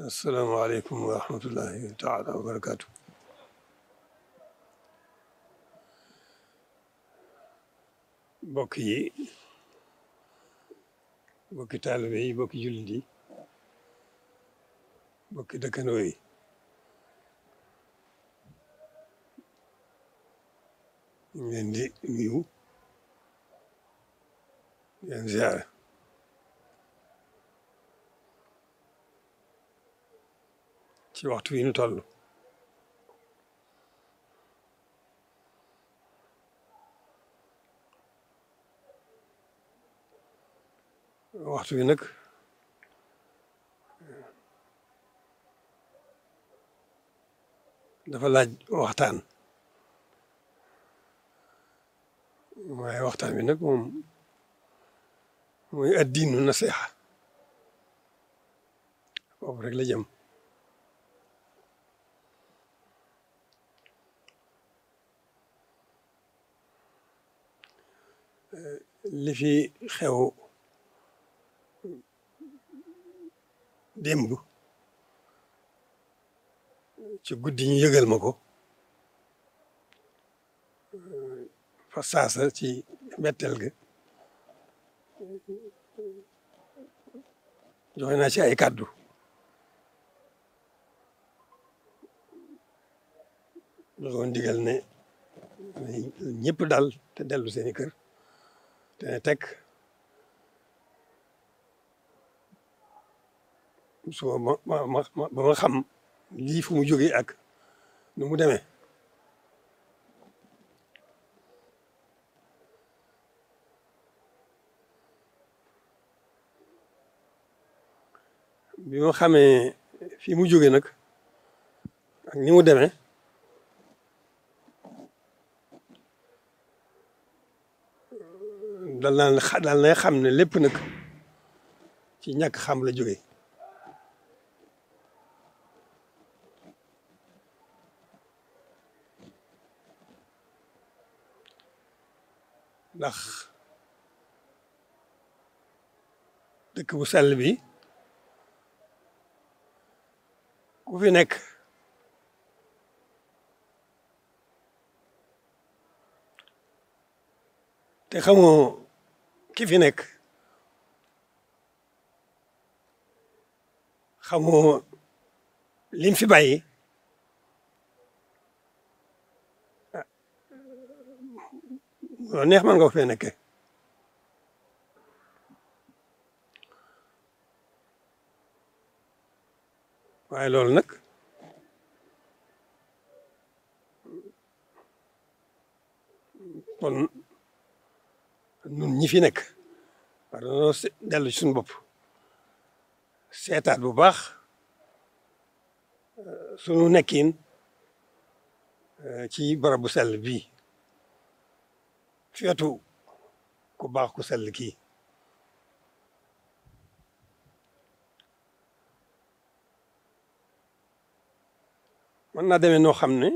asalaamaaleykum wa rahmatullahi taala wa barakaatu. mbokk yi mbokki taalibe yi mbokki jullit yi mbokki dëkkandoo yi ñu leen di nuyu leen ziyaare ci waxtu wi ñu toll waxtu wi nag dafa laaj waxtaan waaye waxtaan bi nag moom mooy addiinu nasiha boobu rek la jëm lifi fi xew ci guddi yëgal ma ko fa saasa ci mbetteel ga joxe naa ci ay kàddu lu doon digal ne ñëpp dal te dellu seeni kër te teg su ma ba ma xam lii fu mu jógee ak nu mu demee bi ma xamee fi mu jógee nag ak ni mu deme dal naan xam ne lépp nag ci ñàkk xam la jógee ndax dëkk bu sell bi ku fi nekk te xamoo ki fi nekk xamoo lim fi bàyyi ah, loo neex man nga ko fee nekke waaye loolu nag kon ñun ñi fi nekk war nañoo dellu ci suñu bopp seetaat bu baax euh, sunu nekkin euh, ci barab bu sell bii feetu ku baax ku sell kii mën naa deme noo xam ne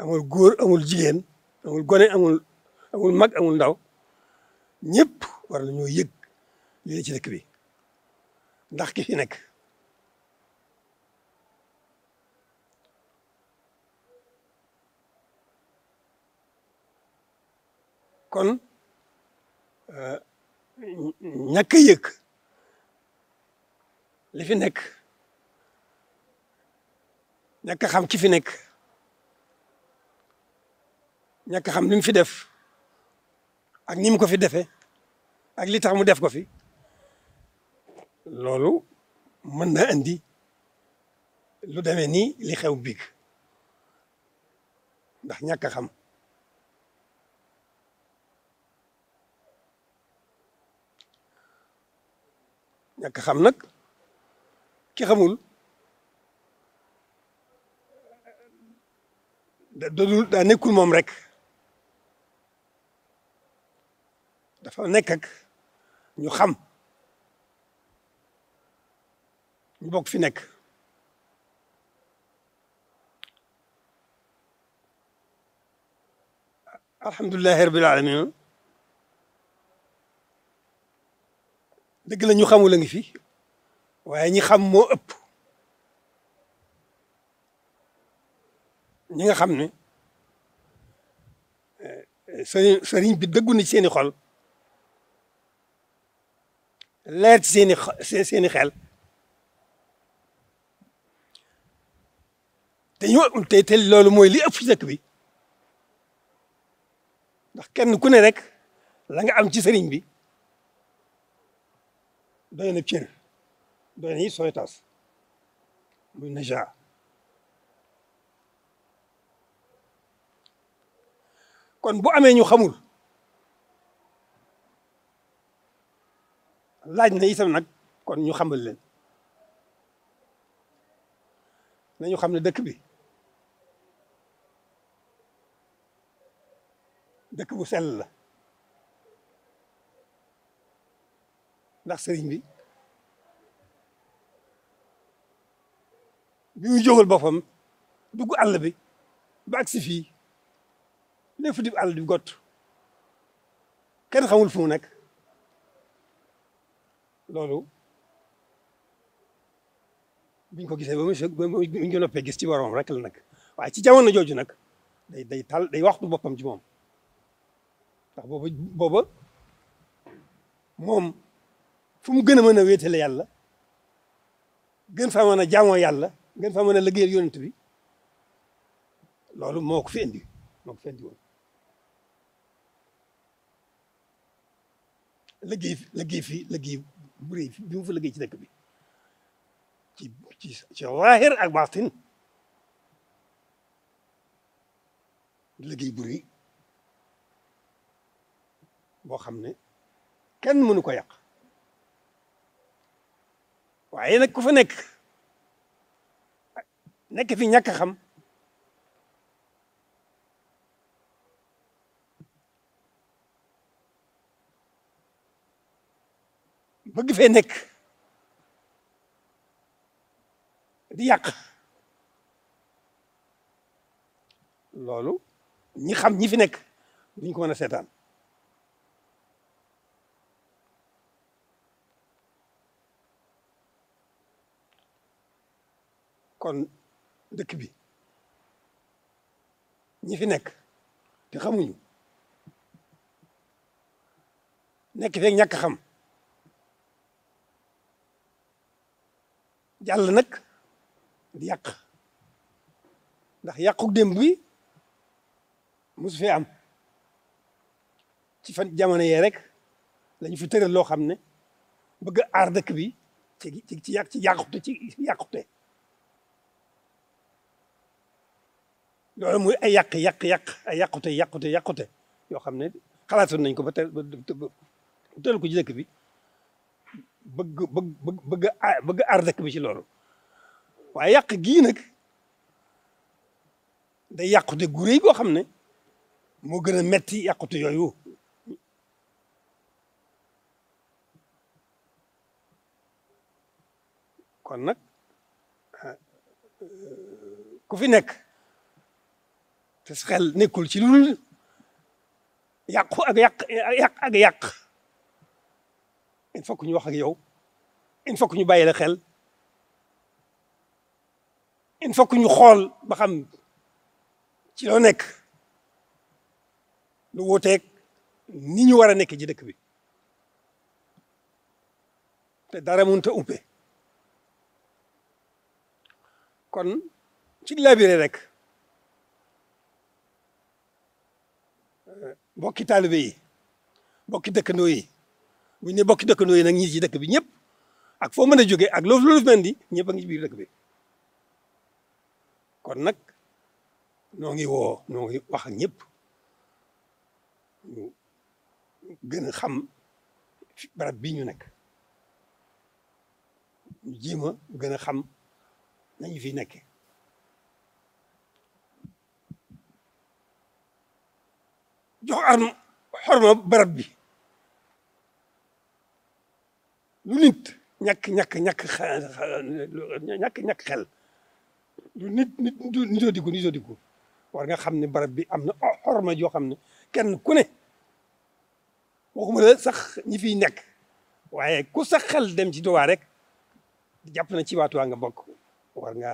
amul góor amul jigéen amul gone amul amul mag amul ndaw ñëpp war nañoo yëg li ci dëkk bi ndax ki fi nekk kon euh, ñàkk a yëg li fi nekk ñàkk xam ki fi nekk ñàkk xam li mu fi def ak ni mu ko fi defee ak li tax mu def ko fi loolu mën na andi lu deme nii li xew biig ndax ñàkk xam ñàkk xam nag ki xamul da doodul daa nekkul moom rek dafa nekk ñu xam ñu bokk fi nekk alhamdulilahi rabil alamin dëgg ñu xamul a ngi fi waaye ñi xam moo ëpp ñi nga xam ne eh, eh, sëriñ sëriñ bi dëggu na ci seeni xol leer ci seeni xel te ñu te te loolu mooy li ëpp bi ndax kenn ku ne rek la nga am ci sëriñ bi doy na cër doy na it sooy tas muy naja kon bu amee ñu xamul laaj na itam nag kon ñu xambal leen nañu xam ne dëkk bi dëkk bu sell la ndax sëriñ bi bi muy jógal boppam dugg àll bi ba agsi fii lépp di àll bi gott kenn xamul fu mu nekk loolu biñ ko gisee ba mu ba mu ñu ko gis ci borom rek la nag waaye ci jamono jooju nag day day tal day waxtu boppam ci moom ndax booba booba moom fu mu gën a mën a wéetale yàlla gën faa mën a jaamoo yàlla gën faa mën a liggéeyal yonent bi loolu moo ko fi indi moo ko fi indi woon liggéey liggéey fii liggéey bu rëy bi mu fa ci dëkk bi ci ci ci zaahir ak baatin liggéey bu rëy boo xam ne kenn mënu ko yàq waaye nag ku fa nekk nekk fi ñàkk xam bëgg fee nekk di yàq loolu ñi xam ñi fi nekk ñu ko mën a seetaan kon dëkk bi ñi fi nekk te xamuñu nekk feeg ñàkk xam jàll nag di yàq ndax yàquk démb bi mosu fee am ci fan jamono yee rek lañu fi tëral loo xam ne bëgg aar dëkk bi ci ci ci yàq ci yàqute ci yàqute loolu muy ay yàq yàq yàq ay yàqute yàqute yàqute yoo xam ne xalaatoon nañ ko ba tëral ko ci bi bëgg bëgg bëgg a bëgg aar dëkk bi ci loolu waaye yàq gii nag day yàqute gu rëy xam ne moo gën a metti yàqute yooyu kon nag eh, ku fi nekk te sa xel nekkul ci lu yàqu ak yàq ak yàq ak yàq il faut ñu wax ak yow il faut ñu bàyyi xel il faut ñu xool baxam ci loo nekk lu wuuteeg ni ñu war a nekk ci dëkk bi te dara mënut a umpe kon ci labiré rek euh, mbokki taalibe yi mbokki dëkkandoo yi bu bokki dëkkandoo yi nag ñi ci dëkk bi ñëpp ak foo mën a jógee ak loolu loolu fi mel di ñëpp a ngi ci biir dëkk bi kon nag noo ngi woo noo ngi wax ak gën a xam barab bii ñu nekk jiima gën a xam nañu fi nekke jox am xorma barab bi lu nit ñàkk ñàkk ñàkk ñàkk ñàkk xel du nit nit nitoo diggu nitoo diggu war nga xam ne barab bi am na xorma yoo xam ne kenn ku ne waxuma la sax ñi fiy nekk waaye ku sax xel dem ci Tuubaa rek jàpp na ci waa Tuubaa nga bokk war nga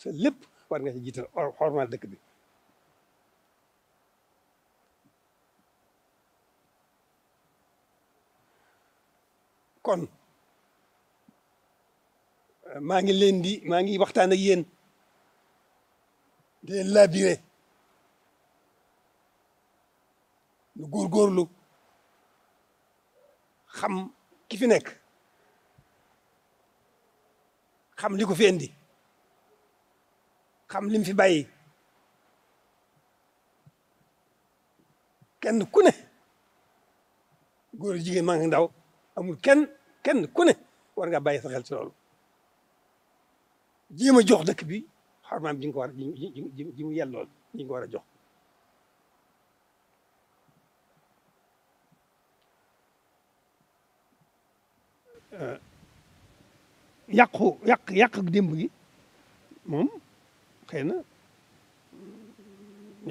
sa lépp war nga si jiital xorma dëkk bi kon maa ngi leen di maa ngi waxtaan ak yéen di leen labiré nu góorgóorlu xam ki fi nekk xam li ko fi xam lim fi bàyyi kenn ku ne góor jigéen maa ngi ndaw amul kenn kenn ku ne war nga bàyyi sa xel ci loolu jéem a jox dëkk bi xormaam ji nga ko war a ji mu yellool ji nga war a jox euh, yàqu yàq yàq démb gi moom xëy na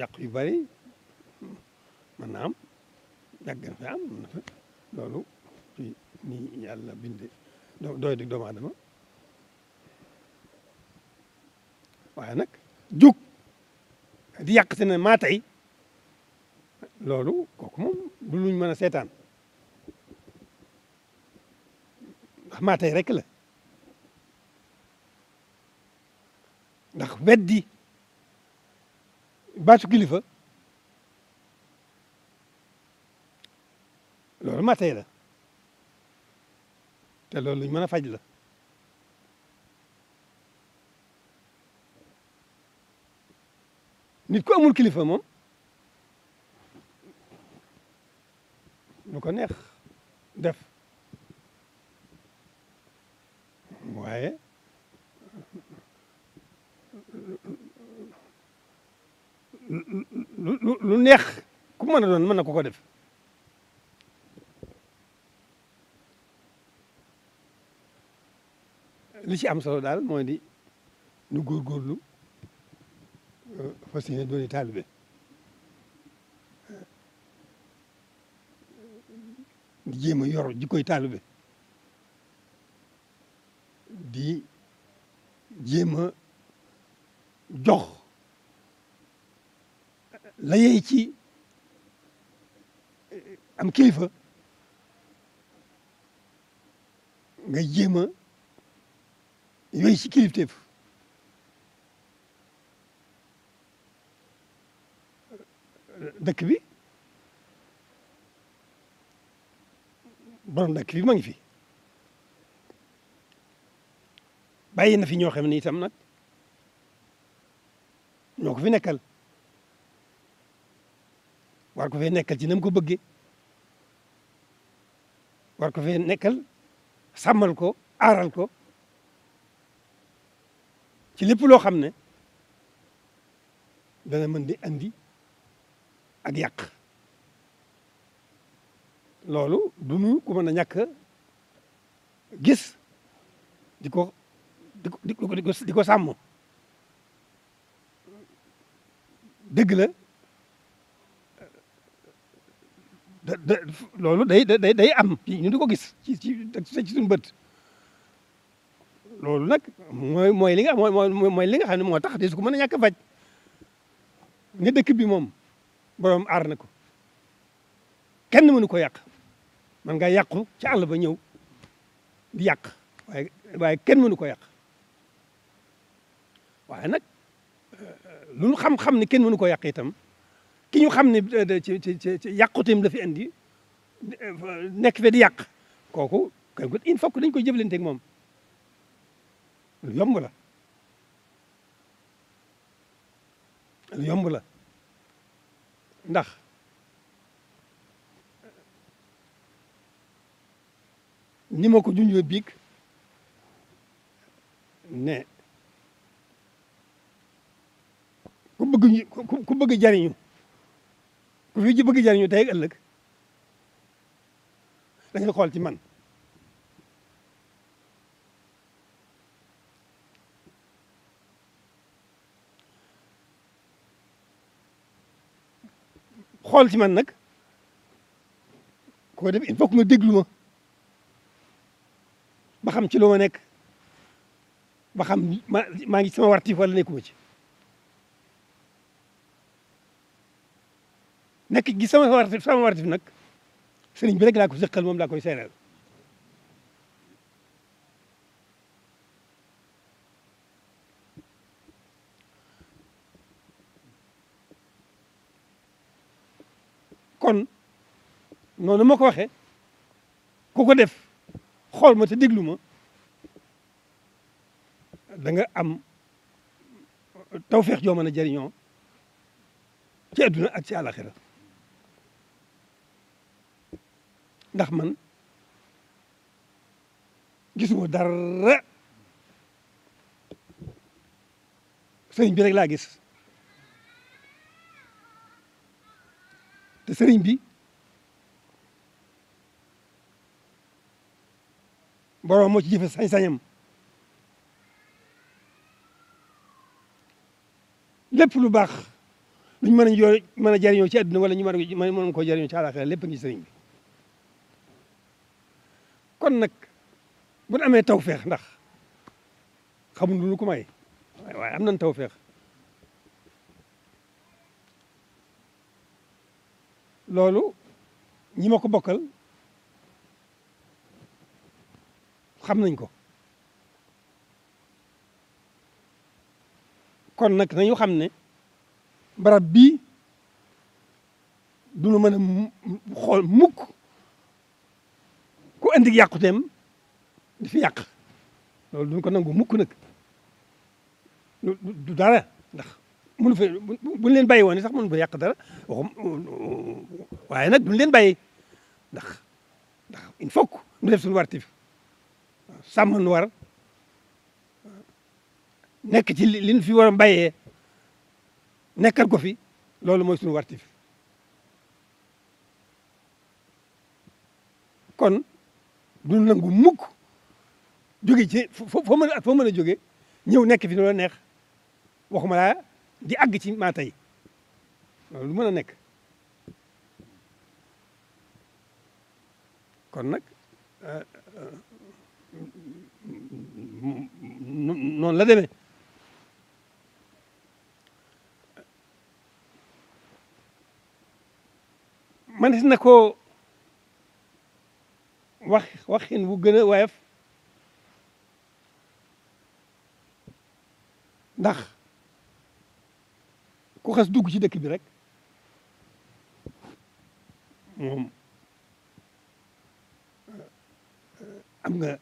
yàq yu bari mën na am yàgg na fa am na fa loolu ci ni yàlla binde dooy dig doomu aadama waaye nag jóg di yàq te maa tey loolu kooku moom du luñ mën a seetaan ndax maa tey rek la ndax weddi baatu kilifa loolu maa tey la te loolu luñ mën a faj la nit ko amul kilifa moom lu ko neex def waaye lu neex ku mën a doon mën na ko ko def li ci am solo daal mooy di nu góorgóorlu fas yéene dooni taalibe di jéem a yor jikkoy taalibe di jéem a jox la yey ci am kilifa nga jiima a yooyu ci kilifteef dëkk bi borom dëkk bi ngi fi bàyyi na fi ñoo xam ne itam nag ñoo ko fi nekkal war ko fee nekkal ci nam ko bëggee war ko fee nekkal sàmmal ko aaral ko ci lépp loo xam ne dana mën di andi ak yàq loolu du nu ku mën ñàkk gis di ko di ko di di ko sàmm dëgg la da loolu day day day am ñu di ko gis ci ci ci suñu bët loolu nag mooy mooy li nga mooy mooy li nga xam ne moo tax de su ko mën a ñàkk a ne dëkk bi moom. borom aar na ko kenn mënu ko yàq man nga yàqu ca àll ba ñëw di yàq waaye waaye kenn mënu ko yàq waaye nag lu xam-xam ni kenn mënu ko yàq itam ki ñu xam ne ci ci ci yàqutim la fi indi nekk fe di yàq kooku kooku il faut que dañ koy jëflanteeg moom lu yomb la lu yomb la ndax ni ma ko junjoo biig ne ku bëgg jariñu ku fi bëgg jariñu tey ëllëg dañuy xool ci man xool ci man nag ko def il faut que nga déglu ma ba xam ci lu nekk ba xam ma ngi sama wartif wala nekkuma ci nekk gi sama wartif sama wartif nag sëriñ bi rek laa ko sëqal moom laa koy kon noonu ma ko waxee ku ko def xool ma te déglu ma danga am tawfeex joo mën a jëriñoo ci adduna ak ci àlaxira ndax man gisuma dara sëriñ bi rek laa gis sëriñ bi boroom moo ci jëfe sañ-sañam lépp lu baax luñ mën a yor mën a jëriñoo ci àdduna wala ñu mën mën koo jëriñoo ci àllaaxira lépp ngi sëriñ bi kon nag bu amee tawfeex ndax xamul lu ko may waaye am nañ tawfeex loolu ñi ma ko bokkal xam nañ ko kon nag nañu xam ne barab bii du lu mën a xool mukk ku indi yàquteem di fi yàq loolu duñ ko nangu mukk nag du ndax mënu fa buñ leen bàyyi woon sax mënu fa yàq dara waxum waaye nag duñ leen bàyyi ndax ndax il faut que ñu def war tiif sàmm nu war nekk ci li ñu fi war a bàyyee nekkal ko fi loolu mooy suñu war tiif kon du nangu mukk jóge ci foo mën a foo mën a jóge ñëw nekk fi loolu neex waxuma laa di àgg ci maa tey loolu mën a nekk kon nag euh, euh, noonu na koo wax waxin bu gën a woyof ndax ku xas dugg ci dëkk bi rek moom eh, eh, am nga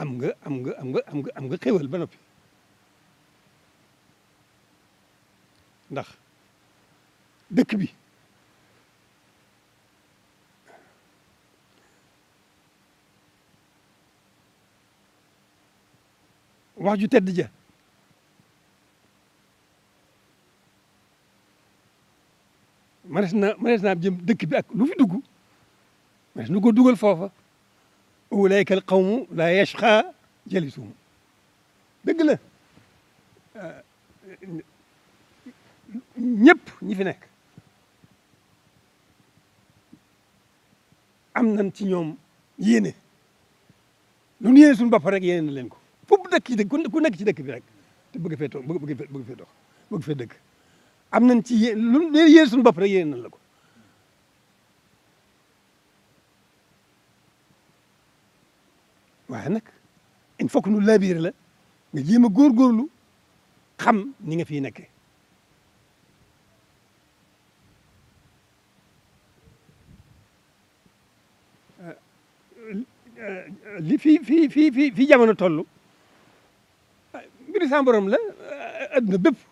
am nga am nga am nga am nga am nga xéwal ba noppi ndax dëkk bi wax ju tedd manees na manees naa jëm dëkk bi ak lu fi dugg manees nu ko dugal foofa ulaayka al qawmu laa yashqa jalisuhum dëgg la ñëpp ñi fi nekk am nan ci ñoom yéene lu nu yéene suñu bopp rek yéene na leen ko fu dëkk ci dëkk ku nekk ci dëkk bi rek te bëgg fee toog bëgg fee dox bëgg fee dëkk am nañ ci yé lu yéen suñu bopp rek yéen nañ la ko waaye nag il faut que nu labiré la nga jéem a góorgóorlu xam ni nga fiy nekkee euh, li fii fii fii fii jamono toll mbiri sa borom la euh, adduna bépp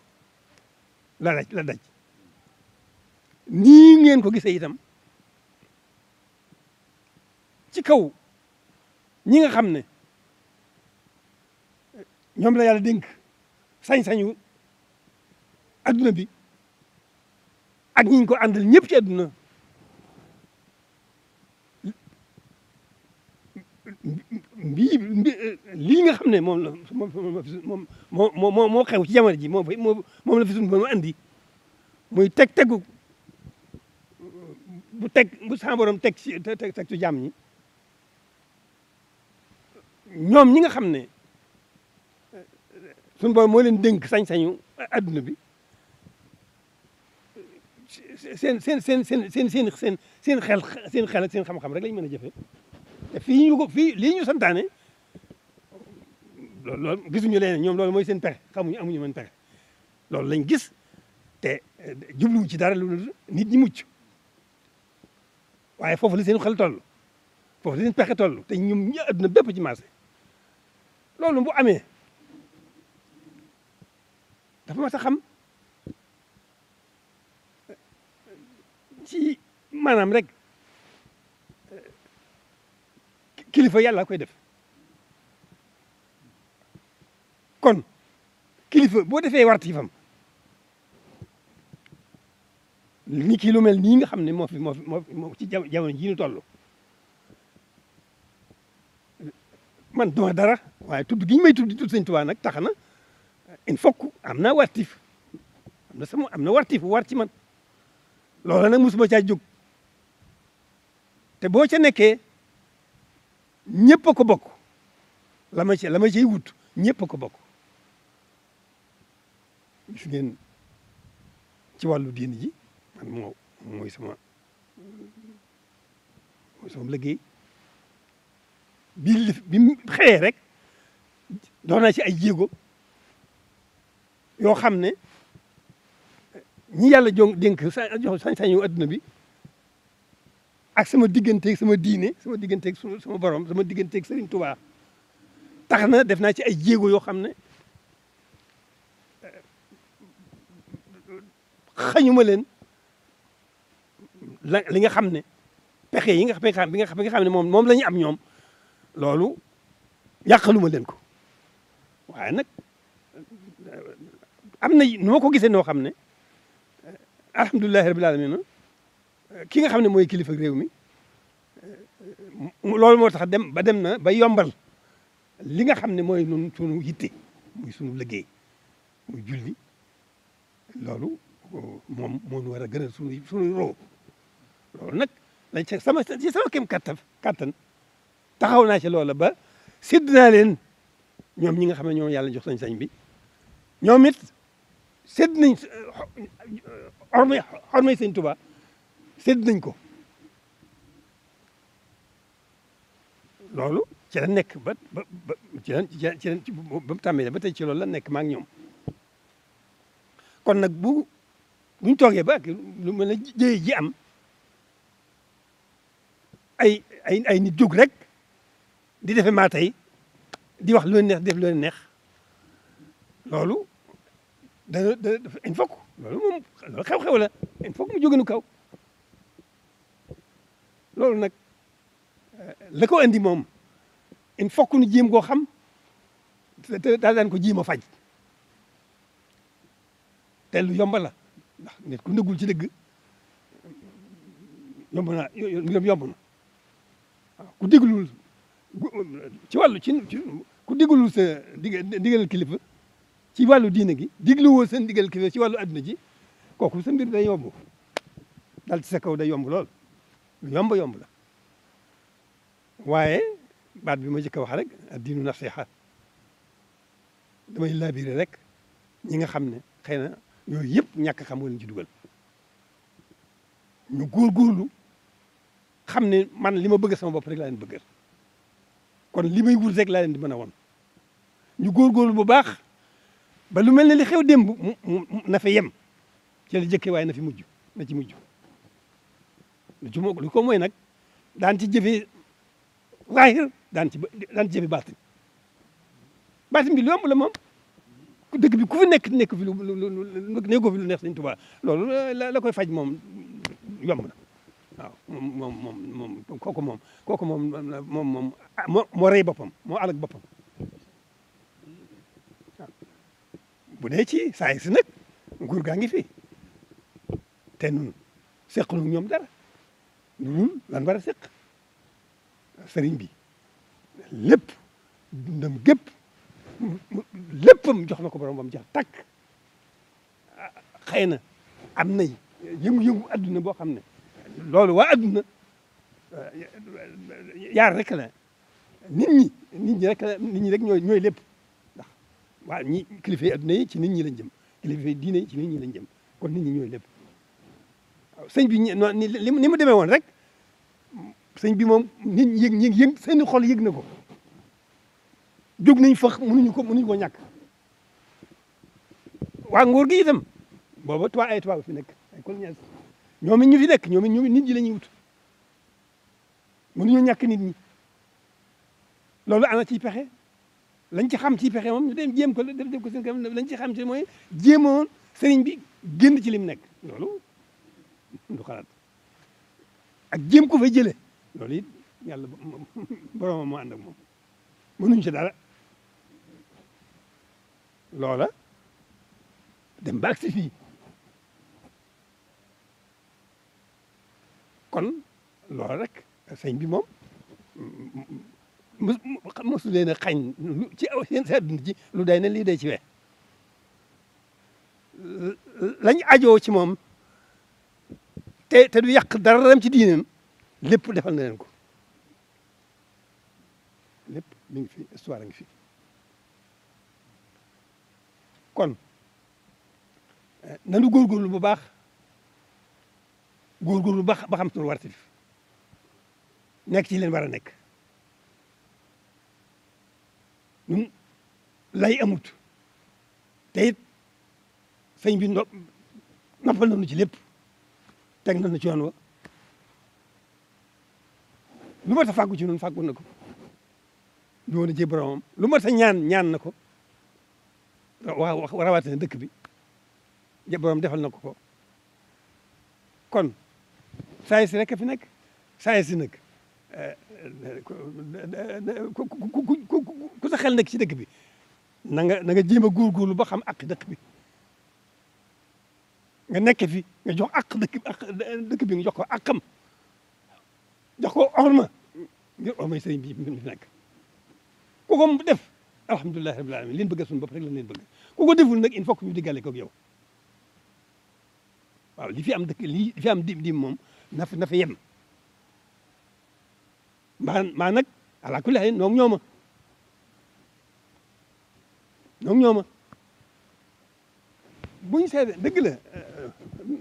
la daj la daj nii ngeen ko gisee itam ci kaw ñi nga xam ne ñoom la yàlla dénk sañ-sañu adduna bi ak ñi ko àndal ñëpp ci bii lii nga xam ne moom la moom moo moo xew ci jamono ji moom moom la fi suñu borom andi mooy teg teg bu teg bu sa teg ci teg teg ci jàmm ñi ñoom ñi nga xam ne suñu borom moo leen dénk sañ-sañu adduna bi seen seen seen seen seen seen seen seen xel seen xel ak seen xam-xam rek lañ mën a jëfee te fii ñu ko fii lii ñu santaane loolu lool gisuñu leen ñoom loolu mooy seen ñu xamuñu amuñu mën pexe loolu lañ gis te jubluwu ci dara lu nit ñi muc waaye foofu la seen xel toll foofu pexe toll te ñoom ñi adduna bépp ci marché loolu bu amee dafa ma sa xam ci maanaam rek kilifa yàlla koy def kon kilifa boo defee wartifam ni kii lu nii nga xam ne moo fi moo fi moo ci jamono jii ñu toll man duma dara waaye tudd gi ñu may tudd di tudd Sëñ Tuubaa nag tax na il faut am naa wartif am na sama am na wartif war ci man loola nag mosuma caa jóg te boo ca nekkee ñëpp ko bokk la ma ci la ma ciy wut ñëpp ko bokk gis ngeen ci wàllu diin ji man moo mooy sama mooy sama liggéey bi bi xëyee rek dox naa ci ay jéego yoo xam ne ñi yàlla jo dénk sa jox sañ bi ak sama digganteeg sama diine sama digganteeg sama borom sama digganteeg Serigne Touba tax na def naa ci ay jéego yoo xam ne euh, xañuma leen la li nga xam ne pexe yi nga xam bi nga xam ne moom moom la am ñoom loolu yàqaluma leen ko waaye nag euh, am na nu ma ko gisee noo xam ne euh, alhamdulilahi rabbil alamin ki nga xam ne mooy kilifa réew mi loolu moo tax dem ba dem na ba yombal li nga xam ne mooy nun sunu yitte muy sunu liggéey muy julli loolu moom moo ñu war a gënal sunu sunu roo nag lañ ci sama ci sama kem kattan kattan taxaw naa ci loola ba sédd naa leen ñoom ñi nga xam ne ñoom yàlla jox sañ-sañ bi ñoom it sédd nañ ormay ormay sëñ Tuubaa sédd nañ ko loolu ci la nekk ba ba ba ci la ci la ci ba mu tàmbalee ba tey ci loolu la nekk maak ak ñoom kon nag bu buñ toogee ba ak lu mel ne ji am ay ay nit jóg rek di defe maa tey di wax lu leen neex def lu leen neex loolu da dana il faut que loolu moom loolu xew-xew la il faut que mu jóge nu kaw loolu nag la ko andi moom il faut que ñu jéem koo xam te daal ko jéem faj te lu yomb la ndax nit ci dëgg yomb naa mbiram yomb na ku déglul ci wàllu ci ku déglul sa digal kilifa ci wàllu diina gi digluwoo seen digal kilifa ci wàllu adduna ji kooku sa mbir day yomb dal ci sa kaw day yomb lool lu yomb yomb la waaye baat bi ma njëkk a wax rek diinu nasiha damay labiré rek ñi nga xam ne xëy na yooyu yëpp ñàkk xam moo leen ci dugal ñu góorgóorlu xam ne man li ma bëgg sama bopp rek laa leen bëggal kon li may wut rek laa leen di mën a won ñu góorgóorlu bu baax ba lu mel ne li xew démb mu na yem ci la jëkke waaye na fi mujj na ci mujj lu ci moog lu ko mooy nag daan ci jëfee waaye daan ci daan ci jëfee baatin baatin bi lu yomb la moom dëkk bi ku fi nekk nekk fi lu lu lu nekkoo fi lu neex Sëñ Tuubaa loolu la koy faj moom yomb na waaw moom moom moom kooku moom kooku moom moom moom ah, moo rey boppam moo alag boppam bu dee ci saa si nag nguur gaa ngi fi te nun seqalum ñoom dara ñun lan war a seq sëriñ bi lépp dundam gépp léppam jox na ko borom bam jeex takk xëy na am nay yëngu-yëngu adduna boo xam ne loolu waa adduna yaar rek la nit ñi nit ñi rek la nit ñi rek ñooy ñooy lépp ndax waa ñi kilifa yi adduna yi ci nit ñi lañ jëm kilifa yi diine yi ci nit ñi lañ jëm kon nit ñi ñooy lépp sëñ bi ni mu demee woon rek sëñ bi moom nit ñi yëg ñi yëg seen xol yëg na ko jóg nañ fax mënuñu ko mënuñu ko ñàkk waa nguur gi itam booba tubaab ay tubaab fi nekk ay colonial ñoom it ñu fi nekk ñoom it ñoom nit ñi la ñuy wut mënuñu ñàkk nit ñi loolu ana ciy pexe lañ ci xam ci pexe moom ñu dem jéem ko def def ko seen kanam lañ ci xam ci mooy jéemoon sëriñ bi génn ci lim nekk loolu du xalaat ak jéem ko fay jëlee loolu it yàlla boromam moo ànd ak moom mënuñ ci dara loola dem ba agsi fii kon loola rek sëñ bi moom mosu leen a xañ ci aw seen lu day lii day ci we ajo ajoo ci moom te te du yàq dara dem ci diineem lépp defal na leen ko lépp mi ngi fi histoire ngi fi kon eh, nanu góorgóorlu bu baax góorgóorlu ba ba xam war wartif nekk ci leen war a nekk ñun lay amut te it sëñ bi noppal nañu ci lépp teg nañ na ci yoon wa lu ma ta fàggu ci noonu fàggu na ko ñu woon ji boromam lu ma ta ñaan ñaan na ko waaw rawatina dëkk bi ji borom defal na ko ko kon saa si rek fi nekk saa si nag eh, ku ku ku ku sa xel nekk ci dëkk bi na nga na nga jéem a góorgóorlu ba xam ak dëkk bi. nga nekk fi nga jox ak dëkk bi nga jox ko akam jox ko orma ngir ormay sëriñ bi mu fi nekk ku ko def alhamdulilahi rabbil alamin leen bëgg suñu bopp rek lañ leen bëgg ko deful nag il faut que ñu diggale ko ak yow li fi am dëkk li fi dim dim moom na fa yem maa maa nag ala kulli haal noog ñooma noog ñooma bu ñu seetee dëgg la euh,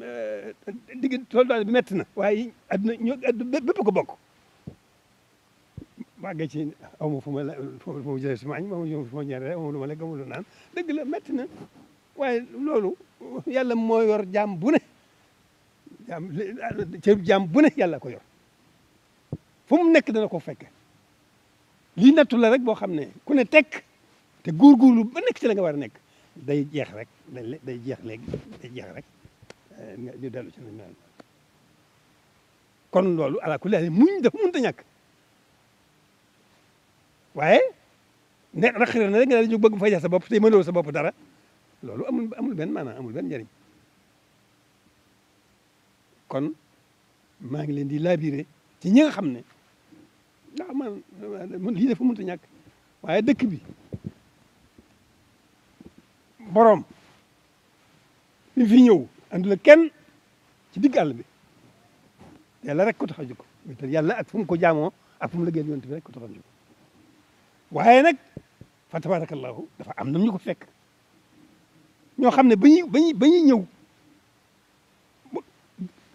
euh, digg soldat bi métti na. waaye adduna ñu adduna bépp ko bokk. màgge ci aw ma fu ma la fu ma jëlee sama añ ma fu ma ñaaree aw ma lu ma lekk aw ma lu naan dëgg la métti na waaye loolu yàlla moo yor jaam bu ne jaam cër jaam bu ne yàlla ko yor fu mu nekk dana ko fekke lii nattu la rek boo xam ne ku ne tekk te góorgóorlu ba nekk ci la nga war a nekk. day jeex rek day jeex léegi day jeex rek euh, ñu dellu ci kon loolu ala kulli haal mu def mënut a ñàkk waaye ne nag xëy na rek nga daal di bëgg fay sa bopp te mënoo sa bopp dara loolu amul amul benn maanaam amul ben njëriñ kon maa ngi leen di labiré ci ñi nga xam ne waaw lii dafa mënut a ñàkk waaye dëkk bi. boroom bi fi ñëw andi la kenn ci digg àll bi yàlla rek ko tax a jóg wéetal yàlla ak fu mu ko jaamoo ak fu mu liggéeyal yonent bi rek ko tax a jóg waaye fa tabarakallahu dafa am na ñu ko fekk ñoo xam ne ba ñuy ba ñuy ba ñuy ñëw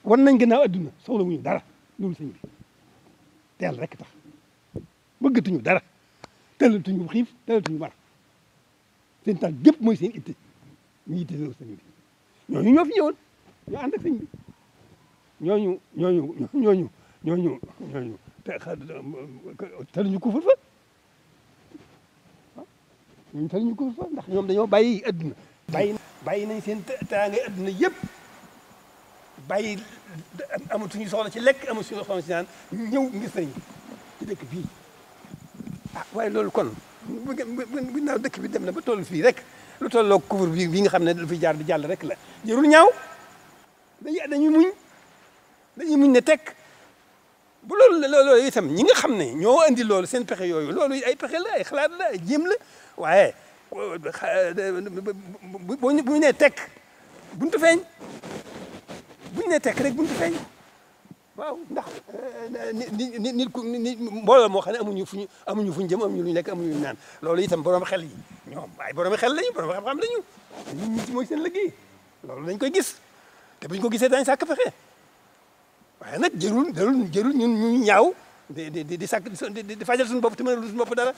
wan nañ gannaaw adduna soxla mu ñu dara loolu sëñ bi te yàlla rek tax bëggatuñu dara tëlatuñu xiif tëlatuñu mar seen tax gépp mooy seen itte ñu itte loolu sëriñ bi ñooñu ñoo fi ñëwoon ñoo ànd ak sëriñ bi ñooñu ñooñu ñooñu ñooñu ñooñu te teluñu kufur fa ah ñun teluñu kufur fa ndax ñoom dañoo bàyyi adduna bàyyi bàyyi nañ seen teraangay adduna yëpp bàyyi amatuñu soxla ci lekk amatuñu soxla ci naan ñëw ngir sëriñ ci dëkk bii a ah waaye loolu kon bu bu naaw dëkk bi dem na ba toll fii rek lu tolloo couvre bi bi nga xam ne lu fi jaar di jàll rek la jërul ñaaw dañuy dañuy muñ dañuy muñ ne tek bu loolu loolu itam ñi nga xam ne ñoo andi lool seen pexe yooyu loolu ay pexe la ay xalaat la ay jéem la waaye bu bu ñu nee tekk buntu feeñ bu ñu nee tekk rek buntu feeñ. waaw ndax eh, eh, nit nit nit ku nit mbooloo moo xam ne amuñu fu ñu amuñu fu ñu jëm amuñu lu ñu lekk amuñu lu ñu naan loolu itam borom xel yi ñoom waaye borom xel lañu borom xam-xam lañu nit ñi mooy seen liggéey loolu dañ koy gis te buñ ko gisee dañ sàkk fexe waaye nag jërul jërul jërul ñun ñu ñaaw di di di sàkk di fajal suñu bopp te mënal suñu bopp dara.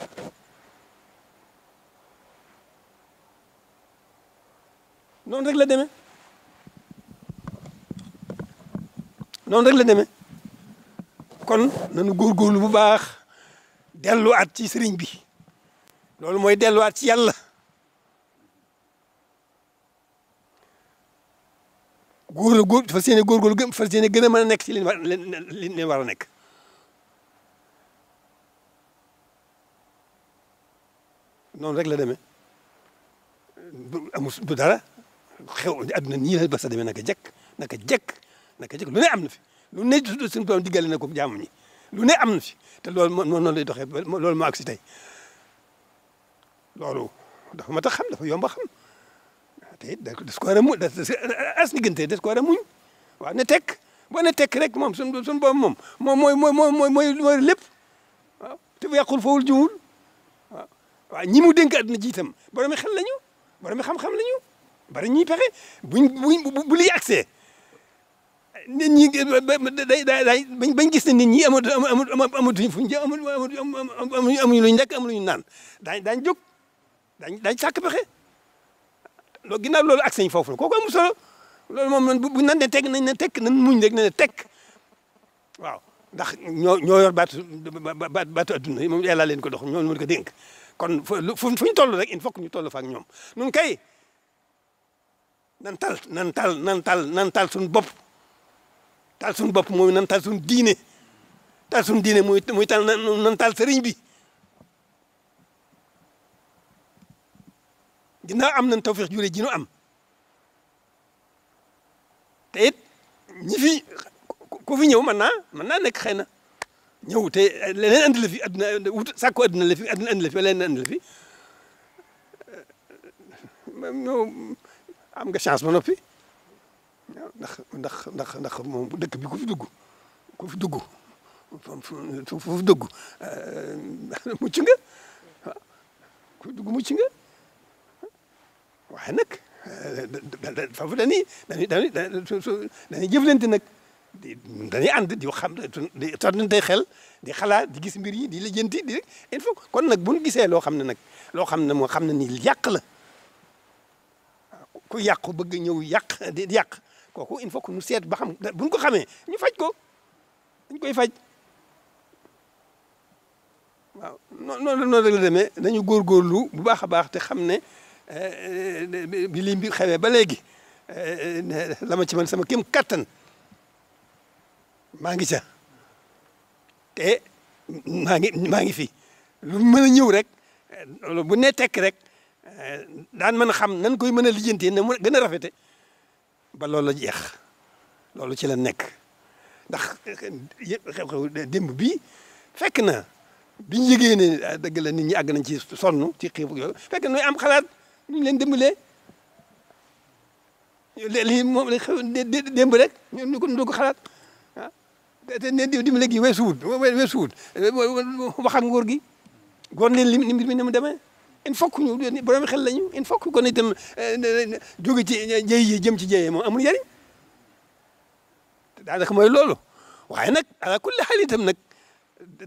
noonu rek la demee noonu rek la demee. kon nañu góorgóorlu bu baax delluwaat ci sëriñ bi loolu mooy delluwaat ci yàlla góor la góor fas yéene góorgóorlu gën fas yéene gën a mën a nekk ci li war li leen war a nekk noonu rek la demee amul du dara xew àdduna nii la basa demee naka jekk naka jekk naka jekk lu ne am na fi lu ne suñu borom diggale na ko jaamu ñi lu ne am na fi te loolu moo noonu lay doxee loolu moo agsi tey loolu dafa mat a xam dafa yomb a xam te it das ko war a muñ as diggante ko a muñ waaw ne tekk boo ne tekk rek moom suñu suñu borom moom moom mooy mooy mooy mooy mooy lépp waaw te bu yàqul fawul jiwul waaw ñi mu dénk àdduna ji itam boromi xel lañu boromi xam-xam lañu bari ñuy pexe buñ buñ bu li accès nit ñi day day bañ gis ne nit ñi amatu amatu amatuñ fuñ jëm amatu amuñu amuñu luñ lekk amuñu naan daañ daañ jóg daañu daañu sàkk pexe loolu ginnaaw loolu ak sañ foofu la kooku amul loolu moom man bu nan ne tekk nañ ne tekk nan muñ rek ne tekk waaw ndax ñoo ñoo yor baatu baatu adduna yi moom yàlla leen ko dox ñoo mën ko dénk kon fu ñu toll rek il faut ñu toll fa ak ñoom nun kay nan tal nan tal nan tal nan tal suñu bopp. tal suñu bopp mooy nan tal suñu diine tal suñu diine muy muy tal nan tal sëriñ bi ginnaaw am nan tawfeex jure ji am te it kofi fi ku fi ñëw mën naa mën naa nekk xëy na ñëw te leneen andi la fi adduna wut sàkku adduna la fi adduna andi la fi am nga chance ba noppi ndax ndax ndax ndax moom dëkk bi ku fi dugg ku fi dugg foofu dugg euh, mucc nga waaw ku mucc nga waaye nag euh, foofu dañuy dañuy dañuy dañuy jëflante nag di dañuy ànd di xam di tonnante xel di xalaa di gis mbir yi di lijjanti di il faut kon nag bu ñu gisee loo xam ne nag loo xam ne moo xam ne nii yàq la ku yàqu bëgg ñëw yàq di yàq kooku il faut que ñu seet ba xam buñ ko xamee ñu faj ko dañ koy faj waaw noonu noonu rek la demee nañu góorgóorlu bu baax a baax te xam ne eh, bi li mbir xewee ba léegi eh, la ma ci man sama kéem kattan maa ngi ca te maa ngi maa ngi fi lu mën a ñëw rek eh, bu nee tekk rek daan mën a xam nan koy mën a lijjantee na mu gën a rafete ba loolu la jeex loolu ci la nekk ndax xew-xew démb bi fekk na bi ñu yëgee ne dëgg la nit ñi àgg nañ ci sonn ci xiif yooyu fekk na am xalaat ñu leen dimbalee lii moom la xew démb rek ñu ñu ko ñu ko xalaat ah te ne dimbale gi weesuwut weesuwut wax ak nguur gi góor leen li mbir mi ni mu demee. il faut que ñu borom xel lañu il faut que kon itam euh, jóge ci jëy yi jëm ci jëyee moom amul njëriñ daanaka mooy loolu waaye nag ala kulli xaal itam nag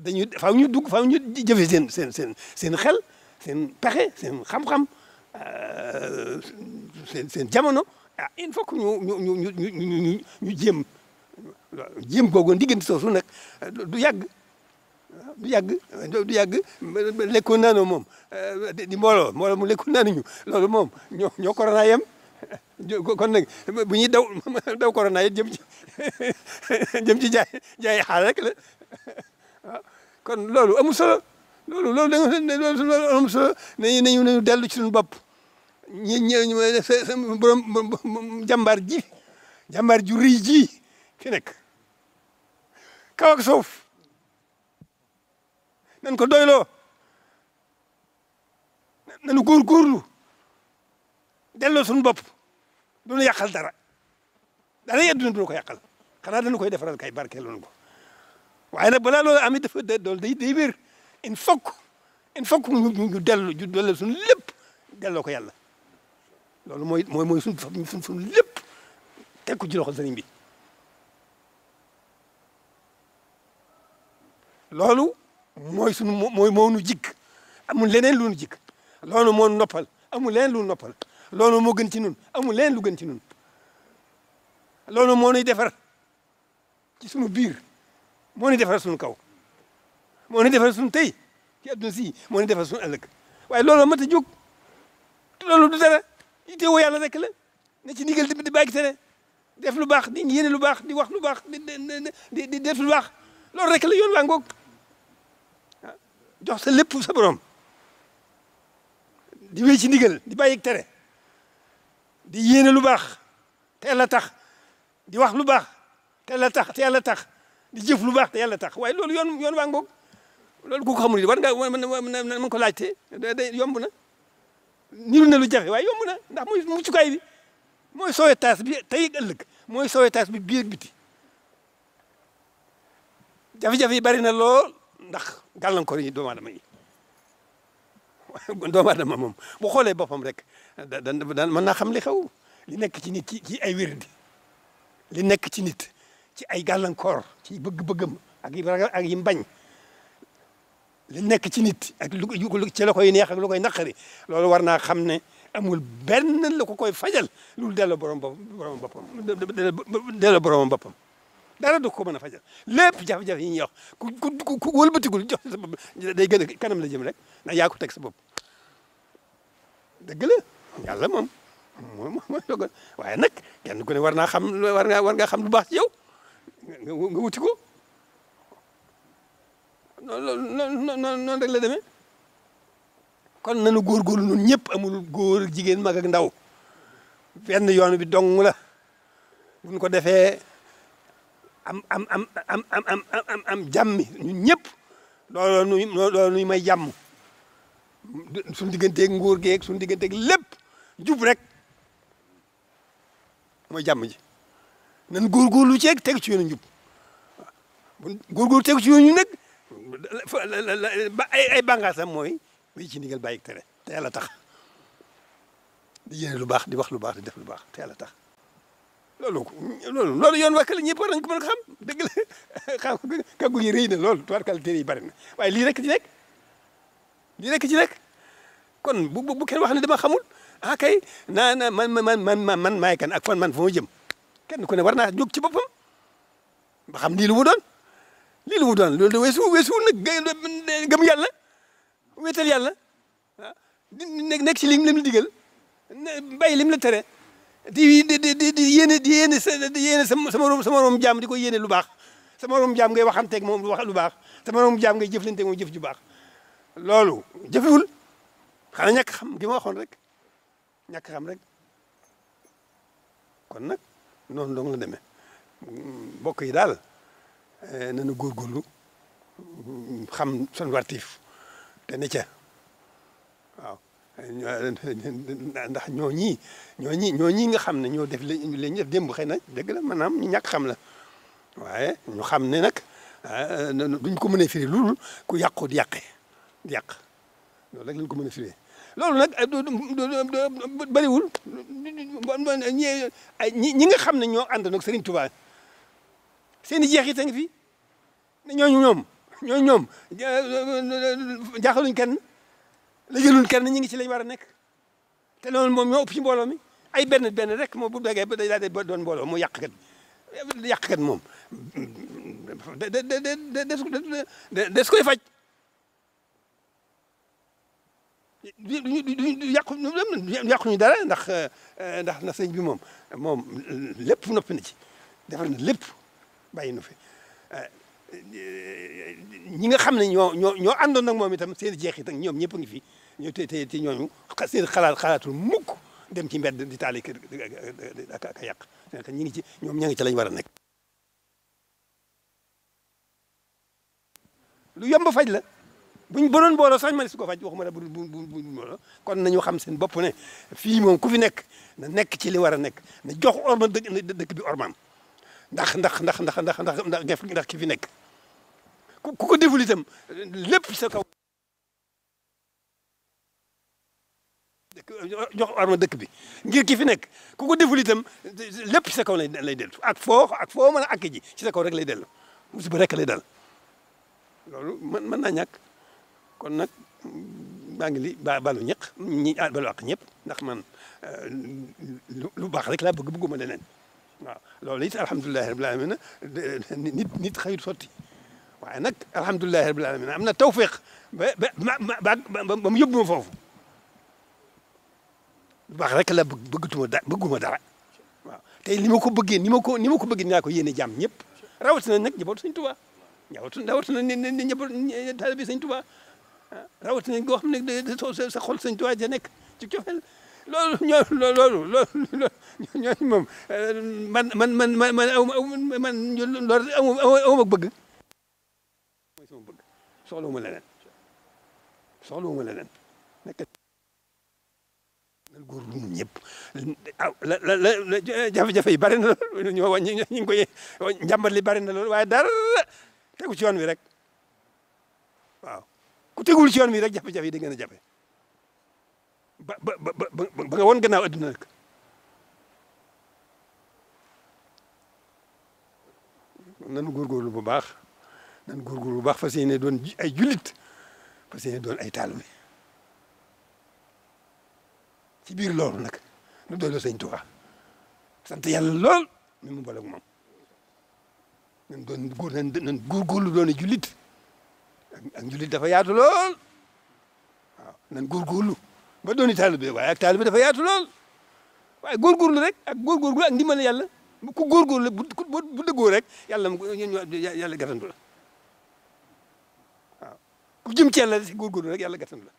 dañuy faaw ñu dugg fa ñu jëfe seen seen seen seen xel seen pexe seen xam-xam euh, seen seen jamono ah il faut ñu ñu ñu ñu ñu ñu jéem jéem googu diggante soosu nag du yàgg. du yàgg du yàgg lekkoon naanoo moom euh, di mbooloo mbooloo mu lekkoon naanuñu loolu moom ñoo ñoo corona yem kon nag bu ñuy daw daw corona yi loolu amul solo loolu dellu ci suñu bopp ñi ju rëy nañ ko doyloo nañu góorgóorlu delloo suñu bopp duñu yàqal dara dara yedduna duñu ko yàqal xanaa dañu koy defaral kay barkeeloon ko waaye nag balaa loolu amit dafa day dool day day wér il faut il faut ñu dellu ñu dellu delloo ko yàlla loolu mooy mooy mooy suñ suñ suñ lépp teg ko ci loxo sëriñ bi loolu mooy sunu mooy moo nu jikk amul leneen lu nu jikk loolu moo noppal amul leneen lu noppal loolu moo gën ci nun amul leneen lu gën ci nun loolu moo nuy defar ci sunu biir moo nuy defar sunu kaw moo nuy defar sunu tey ci adduna si moo nuy defar sunu ëllëg waaye loolu mat a jóg loolu du dara itteewoo yàlla rek la na ci ndigal di bàyyi tere def lu baax di yéene lu baax di wax lu baax di di def lu baax loolu rek la yoon waa ngoog jox sa lépp sa borom di wéy ci ndigal di bàyyi tere di yéene lu baax te yàlla tax di wax lu baax te yàlla tax te yàlla tax di jef lu baax te yàlla tax waaye loolu yoon yoon baa ngi bokk loolu ku ko xamul war nga mën ko laajte day yomb na niru na lu jafe waaye yomb na ndax mooy muccukaay bi mooy soowe taas bi tey ak ëllëg mooy soowe taas bi biir biti jafe-jafe yi bari na lool ndax gàllankoor yi doomu aadama yi doomu aadama moom bu xoolee boppam rek da da mën naa xam li xew li nekk ci nit ci ci ay wérdi li nekk ci nit ci ay gàllankoor ci bëgg-bëggam ak yi ak yi mbañ li nekk ci nit ak lu ci la koy neex ak lu koy naqari loolu war naa xam ne amul benn la ko koy fajal lu delloo borom boppam borom boppam delloo borom boppam. dara du ko mën a fajal lépp jafe-jafe yi ñuy wax ku ku ku wëlbatigul jox sa bopp day gën a kanam la jëm rek na yaa ko teg sa bopp dëgg la moom moom mooy dogal waaye nag kenn ku ne war naa xam war nga war nga xam lu baax ci yow nga wuti ko noonu noonu rek la kon nanu góorgóorlu nun ñëpp amul góor jigéen mag ak ndaw benn yoon bi dong la buñ ko defe am am am am am am ñun ñëpp looloo nuy looloo nuy may jàmm suñu digganteeg nguur geeg suñu digganteeg lépp jub rek mooy jàmm ji nan góorgóorlu ceeg teg ci yoonu njub góorgóorlu teg ci yoonu nag ba ay ay bànqaasam mooy bay ci ndigal bàyyi tere te yàlla tax di lu baax di wax lu baax di def lu baax te yàlla tax loolu loolu loolu yoon waa Kaolack ñëpp war nañ ko mën a xam dëgg la xam kàggu yi rëy na yi bari na waaye lii rek ci nekk ci nekk kon bu bu kenn wax ne dama xamul ah kay naa na man man man man maay kan ak fan man fa jëm kenn ku ne war naa jóg ci boppam ba xam lii lu mu doon lii lu mu doon weesu weesu nag gëm yàlla wéetal yàlla ah di nekk ci lim lim digal bàyyi lim la tere. di di di di yéene di yéene sa di yéene sama sama moroom jaam di ko yéene lu baax sama moroom jaam ngay waxanteeg moom wax lu baax sama moroom jaam ngay jëflanteeg moom jëf ju baax loolu jëfewul xanaa ñàkk xam gi ma waxoon rek ñàkk xam rek kon nag noonu dong la deme mbokk yi daal eh, nañu góorgóorlu mm, xam sunu wartiif te ne ca ndax ñoo ñii ñoo ñii ñoo ñii nga xam ne ñoo def li ñu def démb xëy na dëgg la maanaam ñu ñàkk xam la waaye ñu xam ne nag ah, duñ ko mën a firi loolu ku yàqu di yàqe di yàq loolu rek lañ ko mën a firi loolu nag bëriwul ñi ñi nga xam ne ñoo ànd nag Serigne Touba seen i jeexit a ngi fi ñooñu ñoom ñooñu ñoom jaaxaluñ kenn. liggéeyul kenn ñu ngi ci lañ war a nekk te loolu moom ñoo ëpp ci mbooloo mi ay benn benn rek moom bu degee ba day daal di doon mbooloo mu yàq kat yàq kat moom de de de des koy faj du yàqu yàquñu dara ndax euh, ndax na sëñ bi moom moom lépp noppi na ci defar na lépp bàyyi na fi euh, ñi nga xam ne ñoo ñoo ñoo àndoon nag moom itam seen jeexit ak ñoom ñëpp a ngi fi ñu te te ci ñooñu seen xalaat xalaatul mukk dem ci mbedd di taali kër ak ak ñu ngi ci ñoom ña ngi ci lañu war a nekk. lu yomb faj la buñ bonoon booloo sax ma su ko faj waxuma ma bu bu bu booloo kon nañu xam seen bopp ne fii moom ku fi nekk na nekk ci li war a nekk na jox orma dëkk bi ormaam ndax ndax ndax ndax ndax ndax ndax ki fi nekk ku ko deful itam lépp sa kaw. jox arma dëkk bi ngir ki fi nekk ku ko deful itam lépp ci sa kaw lay dellu ak foo ak foo mën a ji ci sa rek lay dellu musiba rek lay dal loolu mën na naa kon nag maa ngi li ba balu ñëq ñi ah, balu ñëpp ndax man euh, lu baax rek laa bëgg bëgguma leneen waaw loolu it alhamdulilahi rabil alamina nit nit xëyut sotti waaye nag alhamdulilahi rabil alamina am na tawféex ba ba ba mu yóbbu ma foofu lu baax rek la bëgg bëggatuma da bëgguma dara waaw te ni ma ko bëggee ni ma ko ni ma ko bëggee dinaa ko yéene jàmm ñëpp rawatina nag njabootu Sëñ Tuubaa njabootu rawatina ne ne njaboot taalibe Sëñ Tuubaa ah, rawatina goo xam ne da sa xol Sëñ Tuubaa ja nekk ci cofeel loolu ñoo loolu loolu ñooñu moom man man man man man man loolu awma bëgg mooy sama bëgg soxlawuma leneen soxlawuma leneen nekk góor ñun ñëpp ah, la la la jafe-jafe yi bari na lool ñu ñu koy njàmbat li bari na lool waaye dara tegu ci yoon wi rek waaw ku tegul ci yoon wi rek jafe-jafe da ngeen a jafe ba ba ba ba nga woon gannaaw adduna rek nanu góorgóorlu bu baax nanu góorgóorlu bu baax fas yéene doon ay jullit fas yéene doon ay taalibe ci biir loolu nag nu doyloo sëñ Tuubaa sant yàlla lool mi mu boole moom nan góor nan nan góorgóorlu doon jullit ak ak jullit dafa yaatu lool waaw nan góorgóorlu ba dooni taalibe waaye ak taalibe dafa yaatu lool waaye lu rek ak góorgóorlu ak ndimbal yàlla ku góorgóorlu bu bu dëggoo rek yàlla yàlla gàttandu la waaw ku jëm ci yàlla si góorgóorlu rek yàlla gàttandu la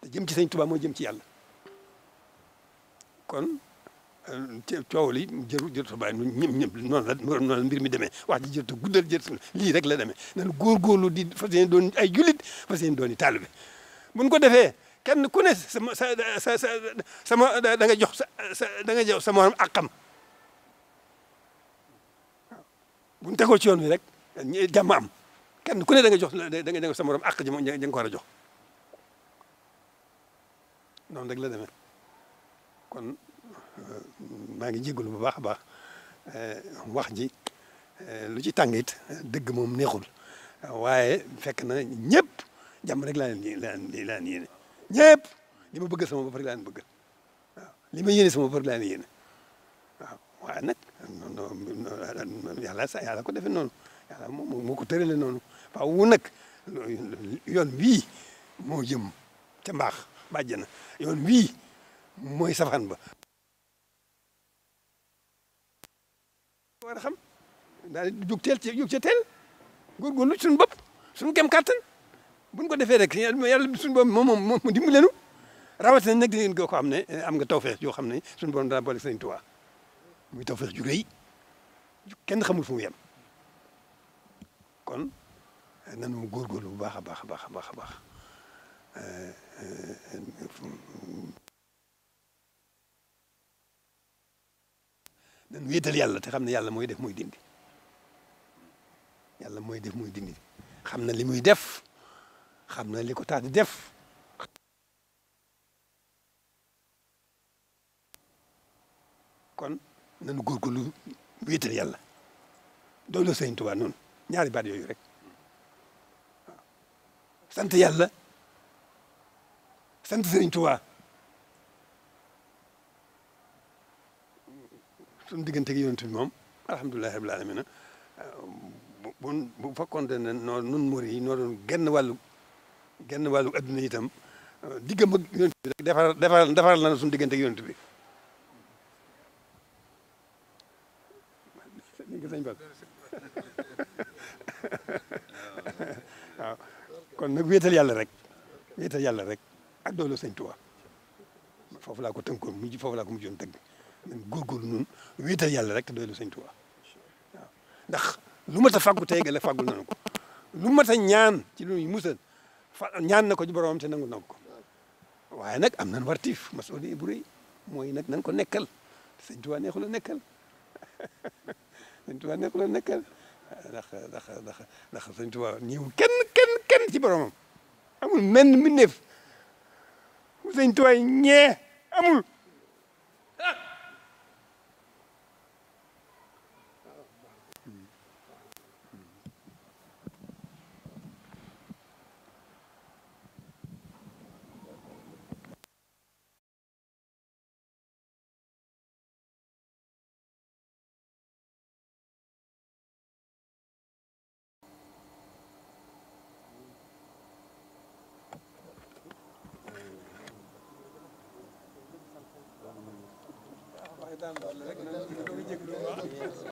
te jëm ci sëñ moo jëm ci yàlla kon coow li jëru jërta bàyyi nu ñëpp ñëpp noonu la noonu la mbir mi demee wax ji jërta guddal jërta lii rek la demee nan góorgóorlu di fa yéene doon ay julit fas yéene doon i taalibe buñ ko defee kenn ku ne sama sa sa sa sama da nga jox sa sa da nga jox sama akam buñ tegoo ci yoon wi rek jàmm am kenn ku ne da nga jox da nga jox sa morom ak ji nga ko war a jox noonu rek la demee kon euh, maa ngi jégalu bu baax a baax euh, wax ji euh, lu ci tàngit dëgg moom neexul waaye fekk na ñëpp jàmm rek laa leen laa laa yéene ñëpp li ma bëgg sama bopp rek laa leen bëgg waaw li ma yéene sama bopp rek laa leen yéene sa yàlla ko defe noonu yàlla moo ko tërale noonu waaw wu yoon wii moo jëm ca mbaax bàjjana yoon wii mooy safaan ba war a xam daal di jóg teel ci jóg ca teel góorgóorlu suñu bopp suñu kem kàttan buñ ko defee rek yàlla suñu bopp moom moom moom dimbali leenu rawatina nag di ngeen ko xam ne eh, am nga tawfeex yoo xam ne suñu borom dana boole Sëriñ Tuubaa muy tawfeex ju rëy kenn xamul fu mu yem kon eh, nanu góorgóorlu bu baax a baax a baax a baax a baax eh, dañu wéetal yàlla te xam ne yàlla mooy def mooy dindi yàlla mooy def mooy dindi xam na li muy def xam na li ko tax def kon nañu góorgóorlu wéetal yàlla doolu sëñ Tuubaa noonu ñaari baat yooyu rek waaw sant yàlla sant sëñ suñu diggante gi yonent moom alhamdulilahi rabil alamina bu bu fekkoonte ne noo nun mur yi noo doon genn wàllu wàllu adduna itam diggam ak yonent bi rek defar defar defaral na suñu diggante gi yonent bi waaw kon nag wéetal yàlla rek wéetal yàlla rek ak doolu sëñ Tuubaa foofu laa ko tënkoon mujj foofu laa ko mujjoon tënk nañ góorgóorlu noonu wéetal yàlla rek te doylu sëñ Tuubaa waaw ndax lu mat a fàggu tey gale fàggul nañu ko lu mat a ñaan ci lu musal fa ñaan na ko ci boromam te nangu na ko waaye nag am nan wartiif masuuliya bu rëy mooy nag nan ko nekkal sëñ Tuubaa neexu la nekkal sëñ Tuubaa neexu la nekkal ndax ndax ndax ndax sëñ Tuubaa ñëw kenn kenn kenn ci boromam amul menn mbindeef sëñ Tuubaa amul